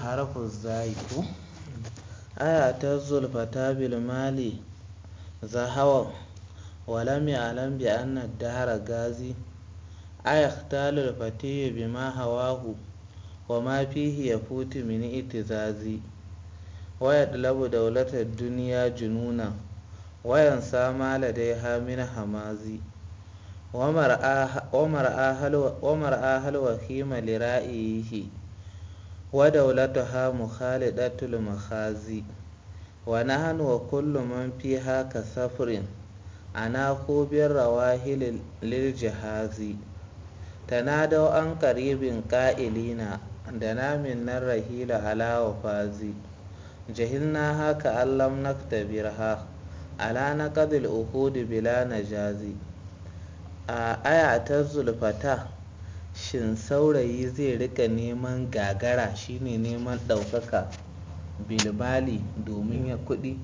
harafu aya ta zulfa ta bilmali zahawa walam ya'lam bi anna dahara gazi aya ta zulfa ta bi ma hawahu wa ma fihi ya futi min itizazi waya labu daulatar duniya jununa wayan sama la dai ha hamazi ومرآها الوخيم لرائيه ودولتها مخالدة المخازي ونهن وكل من فيها كسفر أنا بالرواهل للجهاز تنادوا عن قريب قائلين دنا من الرحيل على وفازي جهلناها كأن لم نكتبرها على نقد الأخود بلا نجازي a aya ta zulfata shin saurayi zai rika neman gagara shine neman ɗaukaka bilbali domin ya kuɗi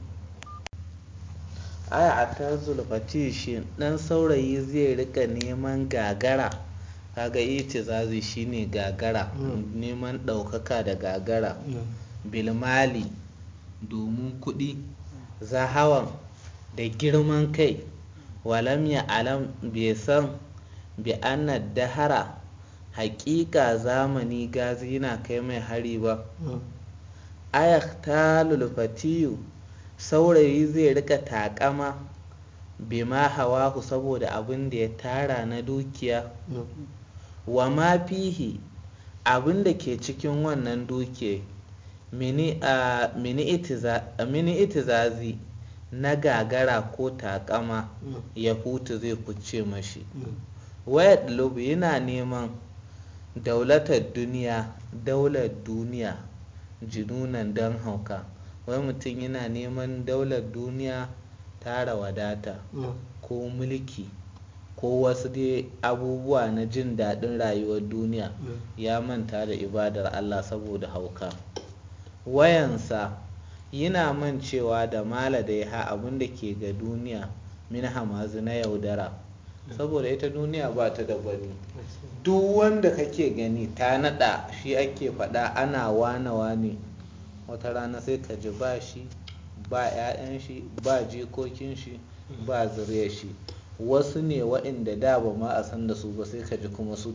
aya ta zulfati shin ɗan saurayi zai rika neman gagara kaga ita shi shine gagara hmm. neman ɗaukaka da gagara hmm. bilmali domin kuɗi zahawan da girman kai walam ya alam bai san bi anna dahara haƙiƙa zamani gazi na kai mai hari ba hmm. ayak ta lulufatiyu saurayi zai rika takama bima hawahu saboda abin da ya tara na dukiya hmm. wa ma fihi abin da ke cikin wannan dukiya mini itizazi na gagara ko takama mm. ya hutu zai kuce mashi mm. wayat lub yana neman daulatar duniya daular duniya jinunan don hauka wai mutum yana neman daular duniya tara wadata mm. ko mulki ko wasu dai abubuwa na jin daɗin rayuwar duniya ya manta da ibadar allah saboda hauka wayansa yana man cewa da mala maladaiha abin da ke ga duniya min hamazu na yaudara saboda ita duniya ba ta da gwani duk wanda kake gani ta nada shi ake fada ana wane wane wata rana sai ka ji ba shi ba 'ya'yan shi ba jikokin shi ba zuriya shi wasu ne waɗanda da ba ma a san da su ba sai ka ji kuma su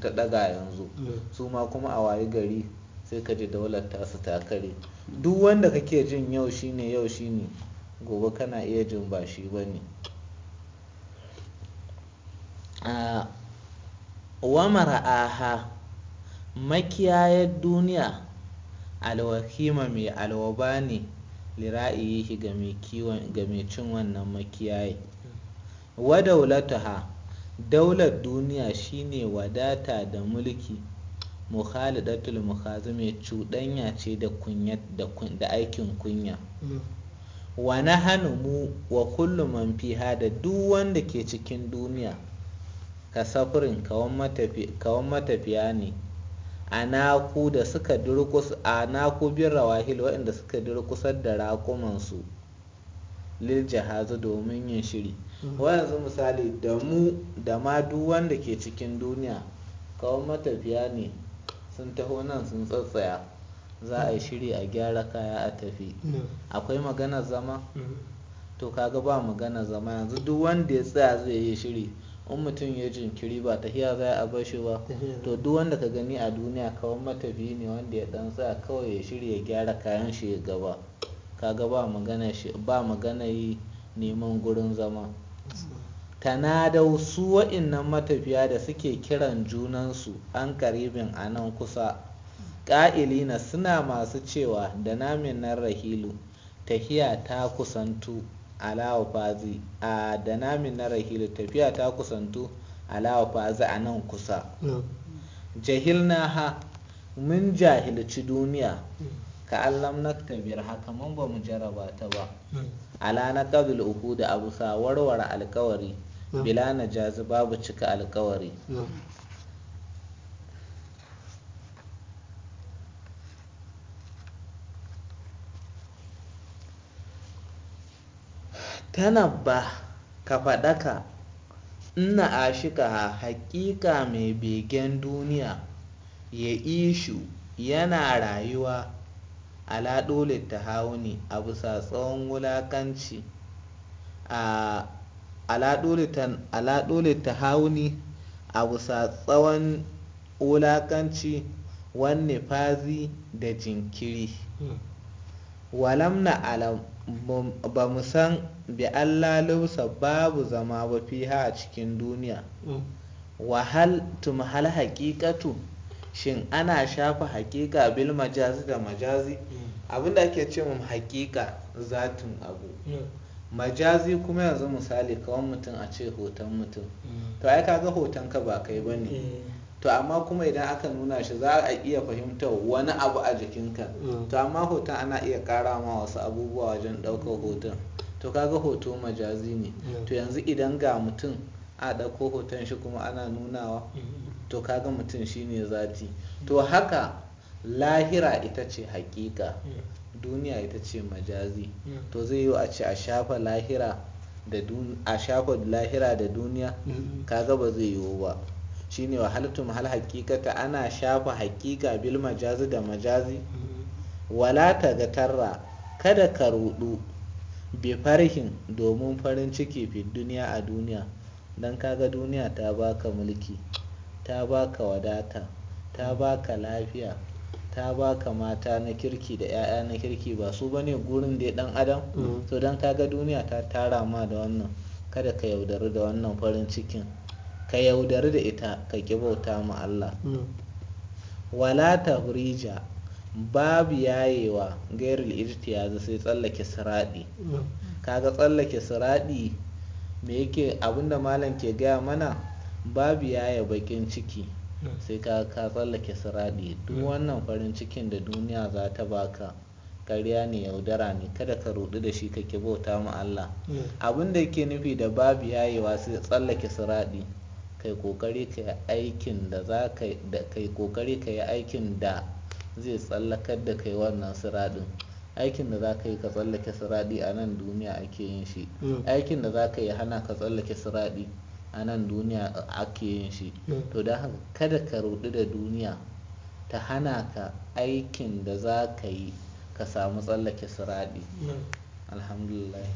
ta ɗaga yanzu mm. su ma kuma a wayi gari sai ka ji daular tasu ta kare duk wanda kake jin yau shine yau shine gobe kana iya jin ba shi ba ne wa mara'aha makiyayar duniya alwakima mai alwaba ne lira'ayi ga mai cin wannan makiyayi wa ha daular duniya shine wadata da mulki mukhalidatul mukhazumi cuɗanya ce da kunya da aikin kunya hmm. wa nahanu mu wa kullu man fiha da duk wanda ke cikin duniya ka safurin kawan matafiya ne a naku da suka durkus a naku bin rawahil waɗanda suka durkusar da raƙumansu lil jihazu domin yin shiri hmm. yanzu misali da mu da ma duk wanda ke cikin duniya kawan matafiya ne sun taho nan sun tsatsaya za a yi shiri a gyara kaya a tafi akwai maganar zama to kaga ba maganar zama yanzu duk wanda ya tsaya zai yi shiri in mutum ya jinkiri ba ta tafiya za a bar ba to duk wanda ka gani a duniya kawai matafi ne wanda ya dan tsaya kawai ya shiri ya gyara kayan shi ya gaba kaga ba magana yi neman gurin zama tanadau su wa'innan matafiya da suke kiran junansu an karibin a nan kusa ƙa'ilina suna masu cewa da namin nan rahilu tafiya ta kusantu alawa fazi a da namin nan rahilu tafiya ta kusantu alawa fazi a nan kusa na ha mun jahilci duniya ka allam na kabir haka mun ba mu jaraba ta ba ala na kabil uku da abu sa warware alkawari bila na jazi babu cika alkawari tanabba ka faɗaka ina ashika ha haƙiƙa mai begen duniya ya ishu yana rayuwa ala dole ta hauni a bisa tsawon wulakanci a A laɗole ta hauni a tsawon wulakanci wanne fazi da jinkiri hmm. walam na alam ba mu san bi allalusa babu zama ba ha a cikin duniya hmm. wahal tumhal haƙiƙatu shin ana shafa haƙiƙa bil majazi da majazi hmm. abinda ake ce mun haƙiƙa zatin abu majazi kuma yanzu misali kawan mutum a ce hoton mutum mm. to ai kaga hoton ka ba kai bane ne eh. to amma kuma idan aka nuna shi za a iya fahimtar wani abu a jikinka mm. to amma hoton ana iya kara ma wasu abubuwa wajen ɗaukar hoton to kaga hoto majazi ne mm. to yanzu idan ga mutum a ɗauko hoton shi kuma ana nunawa to kaga mutum shine zati to haka lahira ita ce hakika duniya ita ce majazi hmm. to zai yi a ce a shafa lahira da a shafa lahira duniya hmm. kaga ba zai yiwu ba shine wa halittum hal hakikata ana shafa hakika bil majazi da majazi hmm. wala ta ga tarra kada ka rudu bi farhin domin farin ciki fi duniya a duniya don kaga duniya ta baka mulki ta baka wadata ta baka lafiya ta baka mata na kirki da 'ya'ya na kirki ba su ba ne gurin da ya dan adam mm. to don ga duniya ta tara ma da wannan kada ka yaudari da wannan farin cikin ka yaudari da ita ka ki bauta ma Allah mm. wala hurija babu yayewa gairul ijtiyazi sai tsallake siradi mm. kaga tsallake siradi me yake abinda malam ke gaya mana babu yaye bakin ciki sai ka ka tsallake siradi duk wannan farin cikin da duniya za ta baka karya ne yaudara ne kada ka rudu da shi kake bauta mu Allah hmm. abin da yake nufi da babu yayewa sai tsallake siradi kai kokari ka yi aikin da za ka kai kokari ka yi aikin da zai tsallakar da kai wannan siradin aikin da za ka yi ka tsallake siradi a nan duniya ake yin shi hmm. aikin da za ka yi hana ka tsallake siradi a nan duniya ake yin shi hmm. to da haka kada ka rudu da duniya ta hana ka aikin da za ka yi ka samu tsallake siraɗi hmm. alhamdulillah